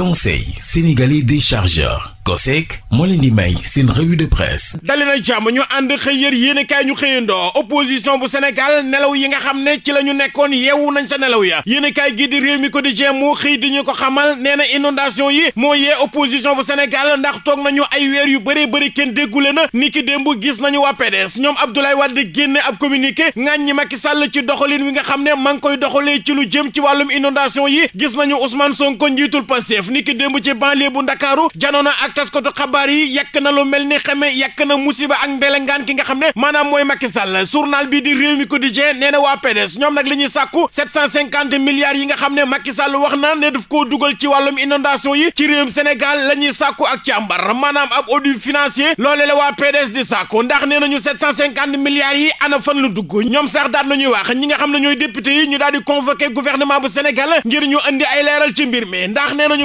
conseil sénégalais des chargeurs COSEC moo leen di may seen revue de presse dali na jàmm ñu ànd xëy yër yéen kaay ñu xëyandoo opposition bu Sénégal nelaw yi nga xam ne ci la ñu nekkoon yeewu nañ sa nelaw ya yéen kaay gi di réew mi quotidien moo xëy di ñu ko xamal nee na inondation yi moo yee opposition bu Sénégal ndax toog nañu ay weer yu bëree bëri kenn déggule na ni ki démb gis nañu waa PDS ñoom Abdoulaye Wade génne ab communiqué ŋàññi Macky Sall ci doxalin wi nga xam ne ma ngi koy doxalee ci lu jëm ci wàllum inondation yi niki démb ci banlieue bu ndakaaru janoona ak taskatu xabaar yi yàq na lu mel ni xame yàq na musiba ak mbelengaan ki nga xam ne maanaam mooy Macky Sall journal bi di réew mi quotidien nee na waa PDS ñoom nag li ñuy sàkku yi nga xam ne Macky Sall wax na ne daf koo dugal ci wàllum inondation yi ci réewum Sénégal la ñuy sàkku ak càmbar maanaam ab audit financier loole la waa PDS di sàkku ndax nee nañu 750 milliards yi ana fan lu dugg ñoom sax daan nañuy wax ñi nga xam ne ñooy député ñu daal di convoqué gouvernement bu Sénégal ngir ñu andi ay leeral ci mbir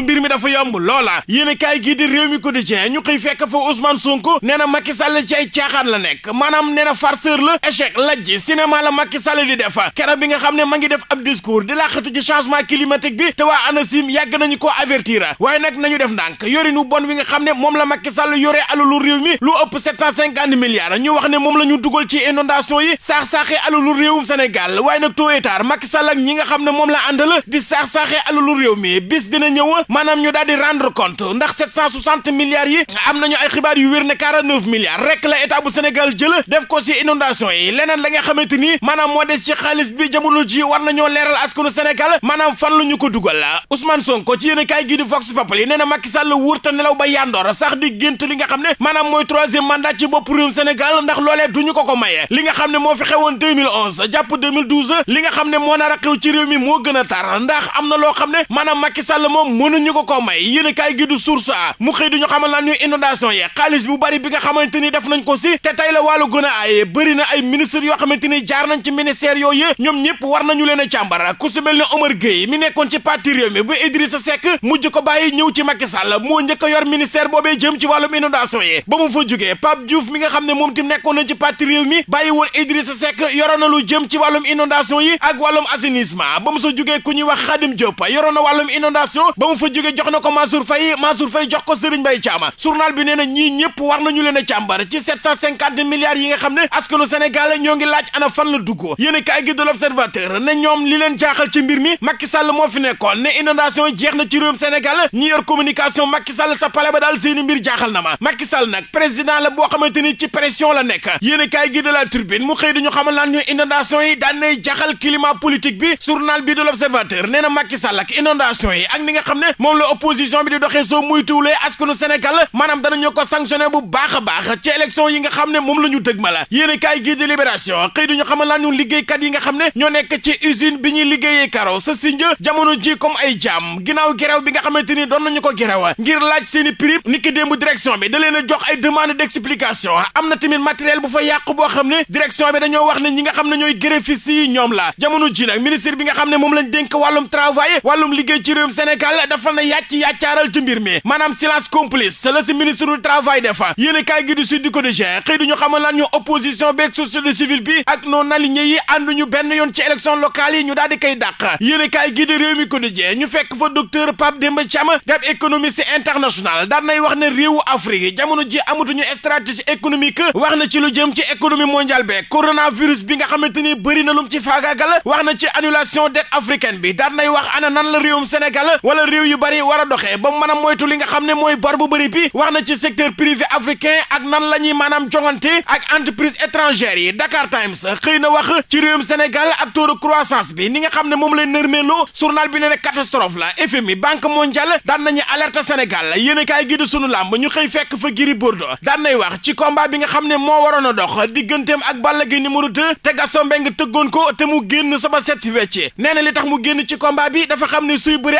bir mi dafa yomb loola yéen a kaay gii di réew mi quotidien ñu xëy fekk fa Ousmane Sonko nee na Macky Sall ci ay caaxaan la nekk maanaam nee na farceur la échec lajj cinéma la Macky Sall di def keroog bi nga xam ne ma ngi def ab discours di laqatu ci changement climatique bi te waa ANACIM yàgg nañu koo avertir way nag nañu def ndànk yorinu bon wi nga xam ne moom la Macky Sall yore lu réew mi lu ëpp 750 milliards ñu wax ne moom la ñu ci inondation yi saax-saaxee alalu réewum Sénégal waaye nag tôt et tard Sall ak ñi nga xam ne moom la àndal di saax-saaxee alalu réew mi bis dina ñëw maanaam ñu daal di rendre compte ndax 760 milliards yi am nañu ay xibaar yu wér ne 49 milliards rek la état bu jël def ko ci inondation yi leneen la nga xamante ni maanaam moo des ci xaalis bi jamono ji war nañoo leeral askanu Sénégal maanaam fan la ñu ko dugal Ousmane Sonko ci yéen kaay gi di Vox Populi nee na Macky Sall wurta nelaw ba yandoor sax di gént li nga xam ne maanaam mooy troisième mandat ci bopp réewum ndax loole duñu ko ko maye li nga xam ne moo fi xewoon 2011 jàpp 2012 li nga xam ne moo nar a xew ci réew mi moo a tar ndax am loo xam ne maanaam Macky Sall moom mënuñ mënuñu ko koo may yéen a kaay du source a mu xëy duñu xamal naan ñu inondation yi xaalis bu bari bi nga xamante ni def nañ ko si te tey la wàllu gën a aye bëri na ay ministre yoo xamante ni jaar nañ ci ministère yooyu ñoom ñëpp war nañu leen a càmbara ku si mel ne Omar mi nekkoon ci parti réew mi bu Idrissa Seck mujj ko bàyyi ñëw ci Macky Sall moo njëkk a yor ministère boobee jëm ci wàllum inondation yi ba mu fa jógee Pape Diouf mi nga xam ne moom tim nekkoon na ci parti réew mi na lu jëm ci wàllum inondation yi ak wàllum assainissement ba mu sa jógee ku ñuy wax Khadim Diop na wàllum inondation jóge jox na ko Mansour Faye Mansour Faye jox ko Serigne Mbaye Thiam journal bi nee na ñii ñëpp war nañu leen a càmbar ci 750 milliards yi nga xam ne askanu Sénégal ñoo ngi laaj ana fan la dugg yéen kaay gi de ñoom li leen jaaxal ci mbir mi Macky Sall moo fi nekkoon ne inondation jeex na ci réewum Sénégal ñi yor communication Macky Sall sa pale ba daal seeni mbir jaaxal na ma Macky Sall nag président la boo xamante ni ci pression la nekk yéen kaay gi de la Tribune mu xëy dañu xamal naan ñu inondation yi daan nay jaaxal climat politique bi journal bi de l'Observateur nee na Macky Sall ak inondation yi ak ni nga xam ne moom la opposition bi di doxee soo muytuwulee askanu Sénégal maanaam danañu ko sanctionné bu baax a baax ci élection yi nga xam ne moom la ñu dëg ma la yéen kaay gii di xëy duñu xamal laan ñu liggéeykat yi nga xam ne ñoo nekk ci usine bi ñuy liggéeyee karo sa sinja jamono ji comme ay jaam ginaaw gerew bi nga xamante ni doon nañu ko gerew ngir laaj seeni prix ni ki démb direction bi da leen a jox ay demande d'explication am na tamit matériel bu fa yàqu boo xam ne direction bi dañoo wax ne ñi nga xam ne ñooy gréfistes yi ñoom la jamono ji nag bi nga xam ne moom lañ dénk wàllum travail wàllum liggéey ci réewum Sénégal dafa doon na yàcc yàccaaral ci mbir mi maanaam silence complice la si ministre du travail defa yéen a kaay gi di Sud Quotidien xëy duñu xamal lan ñu opposition beeg société civile bi ak non alignés yi ànduñu benn yoon ci élection locale yi ñu daal di koy dàq yéen a kaay gi di Rewmi Quotidien ñu fekk fa docteur Pape Demba Thiam dab économiste international daan nay wax ne réewu Afrique jamono ji amatuñu stratégie économique wax na ci lu jëm ci économie mondiale beeg coronavirus bi nga xamante ni bëri na lum ci faagaagal wax na ci annulation dette africaine bi daan nay wax ana nan la réewum Sénégal wala réew yu bari war a doxee ba mën a moytu nga xam ne mooy bor bu bëri bi wax na ci secteur privé africain ak nan la ñuy maanaam jongante ak entreprise étrangères yi Dakar Times xëy na wax ci réewum Sénégal ak taux de bi ni nga xam ne moom lay nërmeeloo journal bi ne ne catastrophe la FMI banque mondiale daan nañu alerte Sénégal yéen a kaay gi di sunu làmb ñu xëy fekk fa Gris Bordeaux daan nay wax ci combat bi nga xam ne moo waroon a dox digganteem ak Balla Gaye numéro 2 te Gaston Mbengue tëggoon ko te mu génn sama set si wecce na li tax mu génn ci combat bi dafa xam ne suy bëre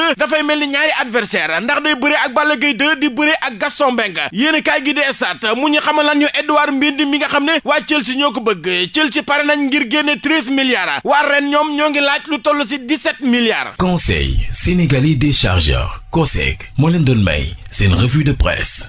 2 dafay mel ni ñaari adversaire ndax day bëre ak Balla Gaye 2 di bëre ak Gaston Mbengue yéen kaay gi di stade mu ñu xamal lan ñu Edouard Mendy mi nga xam ne waa Chelsea ñoo ko bëgg Chelsea pare nañ ngir génne 13 milliards waa ren ñoom ñoo ngi laaj lu toll si 17 milliards. Conseil sénégalais des chargeurs COSEC moo leen doon may seen revue de presse.